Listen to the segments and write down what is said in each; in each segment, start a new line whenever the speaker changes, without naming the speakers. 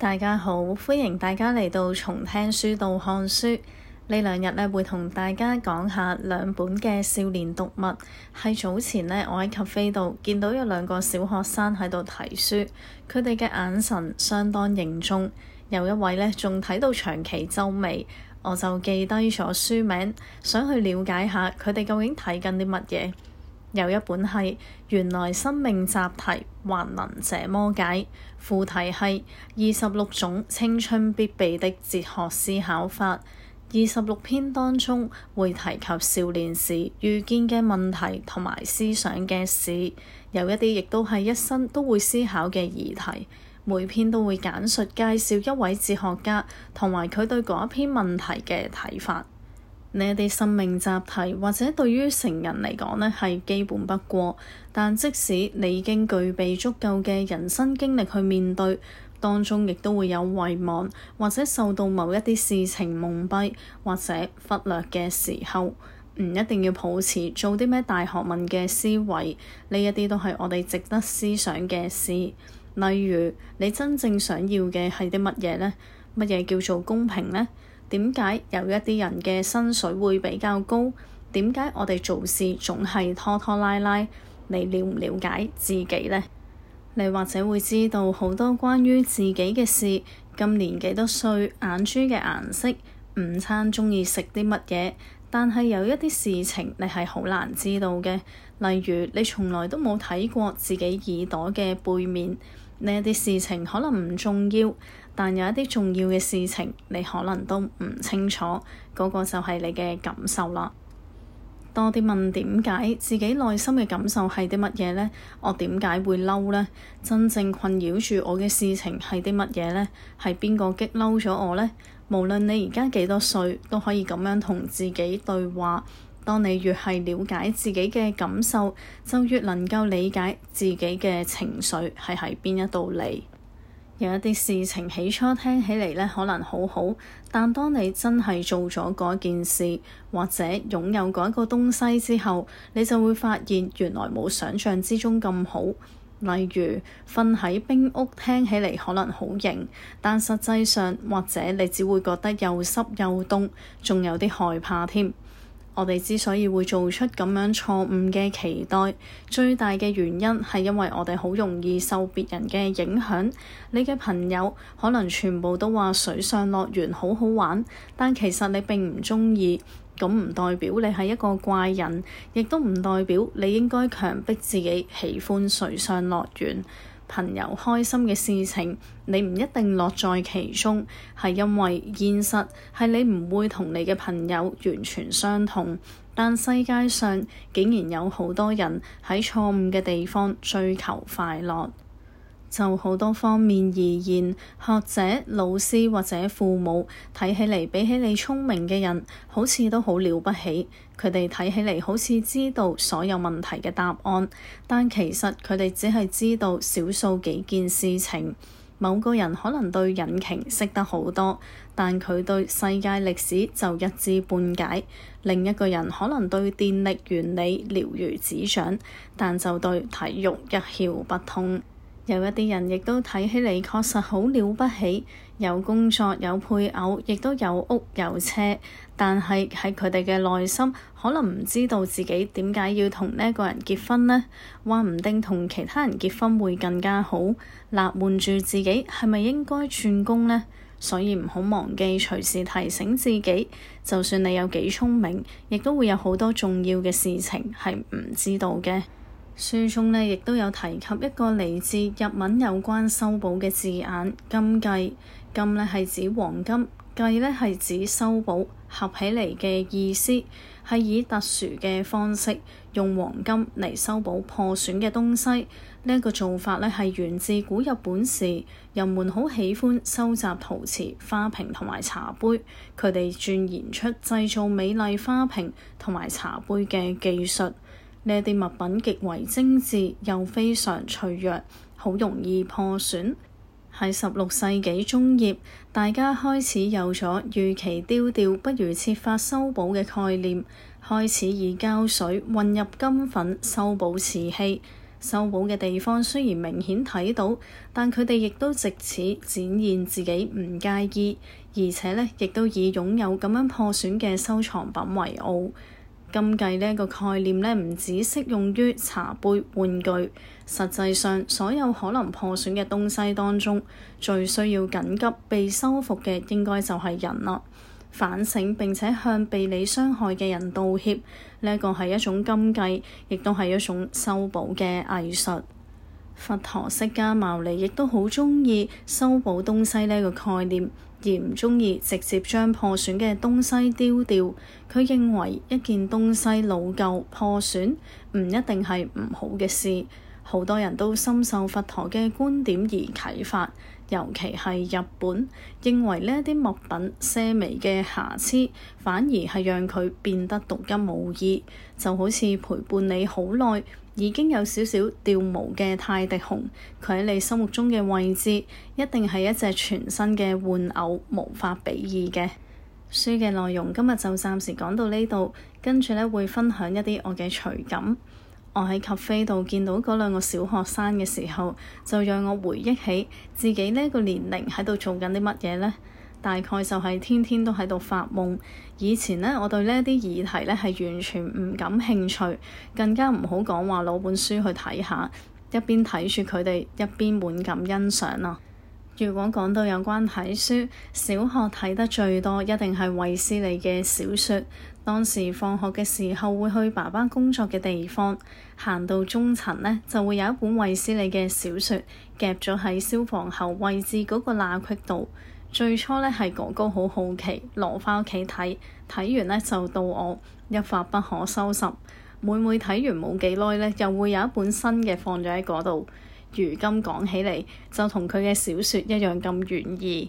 大家好，歡迎大家嚟到從聽書到看書呢兩日呢，會同大家講下兩本嘅少年讀物。係早前呢，我喺咖啡度見到有兩個小學生喺度睇書，佢哋嘅眼神相當凝重。有一位呢，仲睇到長期皺眉，我就記低咗書名，想去了解下佢哋究竟睇緊啲乜嘢。有一本係原來生命習題還能這麼解，副題係二十六種青春必備的哲學思考法。二十六篇當中會提及少年時遇見嘅問題同埋思想嘅事，有一啲亦都係一生都會思考嘅議題。每篇都會簡述介紹一位哲學家同埋佢對嗰篇問題嘅睇法。你哋生命集體，或者對於成人嚟講，呢係基本不過。但即使你已經具備足夠嘅人生經歷去面對，當中亦都會有遺忘，或者受到某一啲事情蒙蔽，或者忽略嘅時候，唔一定要抱持做啲咩大學問嘅思維。呢一啲都係我哋值得思想嘅事。例如，你真正想要嘅係啲乜嘢呢？乜嘢叫做公平呢？點解有一啲人嘅薪水會比較高？點解我哋做事仲係拖拖拉拉？你了唔了解自己呢？你或者會知道好多關於自己嘅事，今年幾多歲？眼珠嘅顏色？午餐鍾意食啲乜嘢？但係有一啲事情你係好難知道嘅，例如你從來都冇睇過自己耳朵嘅背面呢一啲事情，可能唔重要，但有一啲重要嘅事情你可能都唔清楚，嗰、嗰個就係你嘅感受啦。多啲問點解自己內心嘅感受係啲乜嘢呢？我點解會嬲呢？真正困擾住我嘅事情係啲乜嘢呢？係邊個激嬲咗我呢？無論你而家幾多歲，都可以咁樣同自己對話。當你越係了解自己嘅感受，就越能夠理解自己嘅情緒係喺邊一度嚟。有一啲事情起初聽起嚟咧，可能好好，但當你真係做咗嗰件事，或者擁有嗰一個東西之後，你就會發現原來冇想像之中咁好。例如瞓喺冰屋，聽起嚟可能好型，但實際上或者你只會覺得又濕又凍，仲有啲害怕添。我哋之所以會做出咁樣錯誤嘅期待，最大嘅原因係因為我哋好容易受別人嘅影響。你嘅朋友可能全部都話水上樂園好好玩，但其實你並唔中意，咁唔代表你係一個怪人，亦都唔代表你應該強迫自己喜歡水上樂園。朋友開心嘅事情，你唔一定樂在其中，係因為現實係你唔會同你嘅朋友完全相同。但世界上竟然有好多人喺錯誤嘅地方追求快樂。就好多方面而言，學者、老師或者父母睇起嚟，比起你聰明嘅人，好似都好了不起。佢哋睇起嚟好似知道所有問題嘅答案，但其實佢哋只係知道少數幾件事情。某個人可能對引擎識得好多，但佢對世界歷史就一知半解。另一個人可能對電力原理了如指掌，但就對體育一竅不通。有一啲人亦都睇起嚟確實好了不起，有工作、有配偶，亦都有屋有車。但係喺佢哋嘅內心，可能唔知道自己點解要同呢一個人結婚呢？話唔定同其他人結婚會更加好。嗱，換住自己係咪應該轉工呢？所以唔好忘記隨時提醒自己，就算你有幾聰明，亦都會有好多重要嘅事情係唔知道嘅。書中呢亦都有提及一個嚟自日文有關修補嘅字眼，金繼，金呢係指黃金，繼呢係指修補，合起嚟嘅意思，係以特殊嘅方式用黃金嚟修補破損嘅東西。呢、這、一個做法呢係源自古日本時，人們好喜歡收集陶瓷花瓶同埋茶杯，佢哋鑽研出製造美麗花瓶同埋茶杯嘅技術。呢啲物品極為精緻，又非常脆弱，好容易破損。喺十六世紀中葉，大家開始有咗預期丟掉不如設法修補嘅概念，開始以膠水混入金粉修補瓷器。修補嘅地方雖然明顯睇到，但佢哋亦都藉此展現自己唔介意，而且呢亦都以擁有咁樣破損嘅收藏品為傲。金計呢一個概念呢，唔只適用於茶杯、玩具，實際上所有可能破損嘅東西當中，最需要緊急被修復嘅，應該就係人啦。反省並且向被你傷害嘅人道歉，呢一個係一種金計，亦都係一種修補嘅藝術。佛陀釋迦牟尼亦都好鍾意修補東西呢個概念，而唔鍾意直接將破損嘅東西丟掉。佢認為一件東西老舊破損，唔一定係唔好嘅事。好多人都深受佛陀嘅觀點而啟發，尤其係日本認為呢啲物品些微嘅瑕疵，反而係讓佢變得獨一無二。就好似陪伴你好耐，已經有少少掉毛嘅泰迪熊，佢喺你心目中嘅位置，一定係一隻全新嘅玩偶無法比擬嘅。書嘅內容今日就暫時講到呢度，跟住咧會分享一啲我嘅隨感。我喺咖啡度見到嗰兩個小學生嘅時候，就讓我回憶起自己呢個年齡喺度做緊啲乜嘢呢？大概就係天天都喺度發夢。以前呢，我對呢啲議題呢係完全唔感興趣，更加唔好講話攞本書去睇下，一邊睇住佢哋，一邊滿感欣賞啦。如果講到有關睇書，小學睇得最多一定係衛斯理嘅小説。當時放學嘅時候會去爸爸工作嘅地方，行到中層呢就會有一本衛斯理嘅小説夾咗喺消防喉位置嗰個罅隙度。最初呢係哥哥好好奇攞返屋企睇，睇完呢就到我一發不可收拾。每每睇完冇幾耐呢，又會有一本新嘅放咗喺嗰度。如今講起嚟，就同佢嘅小説一樣咁懸疑。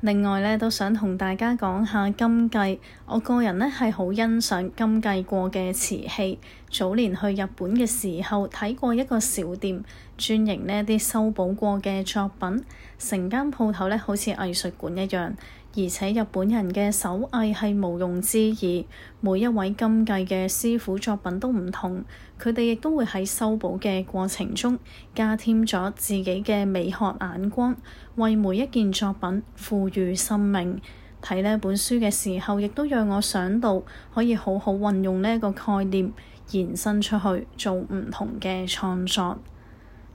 另外呢，都想同大家講下金繼。我個人呢，係好欣賞金繼過嘅瓷器。早年去日本嘅時候，睇過一個小店，專營呢啲修補過嘅作品。成間鋪頭呢，好似藝術館一樣。而且日本人嘅手藝係毋庸置疑，每一位金繼嘅師傅作品都唔同，佢哋亦都會喺修補嘅過程中加添咗自己嘅美學眼光，為每一件作品賦予生命。睇呢本書嘅時候，亦都讓我想到可以好好運用呢個概念，延伸出去做唔同嘅創作。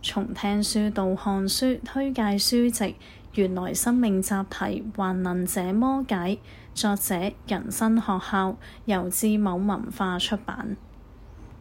從聽書到看書，推介書籍。原來生命習題還能這麼解。作者：人生學校，由智某文化出版。